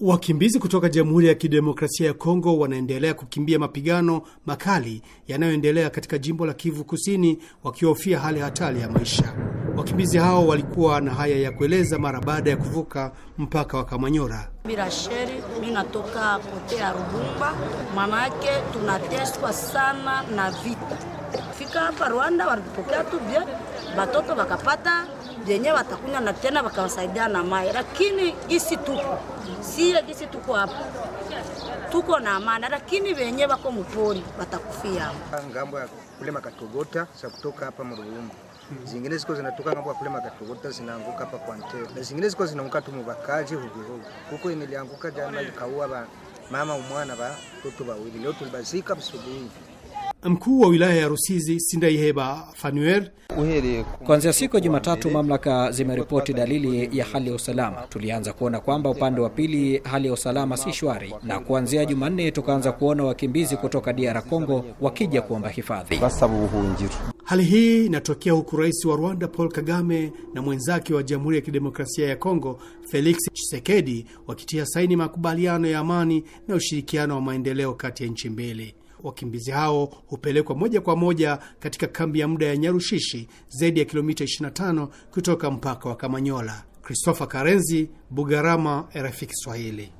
Wakimbizi kutoka Jamhuri ya Kidemokrasia ya Kongo wanaendelea kukimbia mapigano makali yanayoendelea katika jimbo la Kivu Kusini, wakihofia hali hatari ya maisha. Wakimbizi hao walikuwa na haya ya kueleza mara baada ya kuvuka mpaka wa Kamanyora. Birasheri, mi natoka kote ya Rubumba, manake tunateswa sana na vita. Fika hapa Rwanda, walipokea tu bie batoto wakapata venye watakunya na tena wakawasaidia na mai, lakini isi tuko sile gisi tuko hapa tuko na amani, lakini wenye wako mpori watakufia ngambo ya kule makatogota za kutoka hapa Mururumbu. Zingine ziko zinatoka ngambo ya kule makatogota zinaanguka hapa kwa Ntero, na zingine ziko zinaanguka tu mubakaji huvihuvi kuko imelianguka jana ikaua ba mama umwana ba toto bawili, leo tulibazika msubuhi Mkuu wa wilaya ya Rusizi sindaiheba Fanuel: kuanzia siku ya Jumatatu mamlaka zimeripoti dalili ya hali ya usalama. Tulianza kuona kwamba upande wa pili hali ya usalama si shwari, na kuanzia Jumanne tukaanza kuona wakimbizi kutoka DR Congo wakija kuomba hifadhi. Hali hii inatokea huku rais wa Rwanda Paul Kagame na mwenzake wa Jamhuri ya Kidemokrasia ya Kongo Felix Tshisekedi wakitia saini makubaliano ya amani na ushirikiano wa maendeleo kati ya nchi mbili. Wakimbizi hao hupelekwa moja kwa moja katika kambi ya muda ya Nyarushishi, zaidi ya kilomita 25 kutoka mpaka wa Kamanyola. Christopher Karenzi, Bugarama, RFI Kiswahili.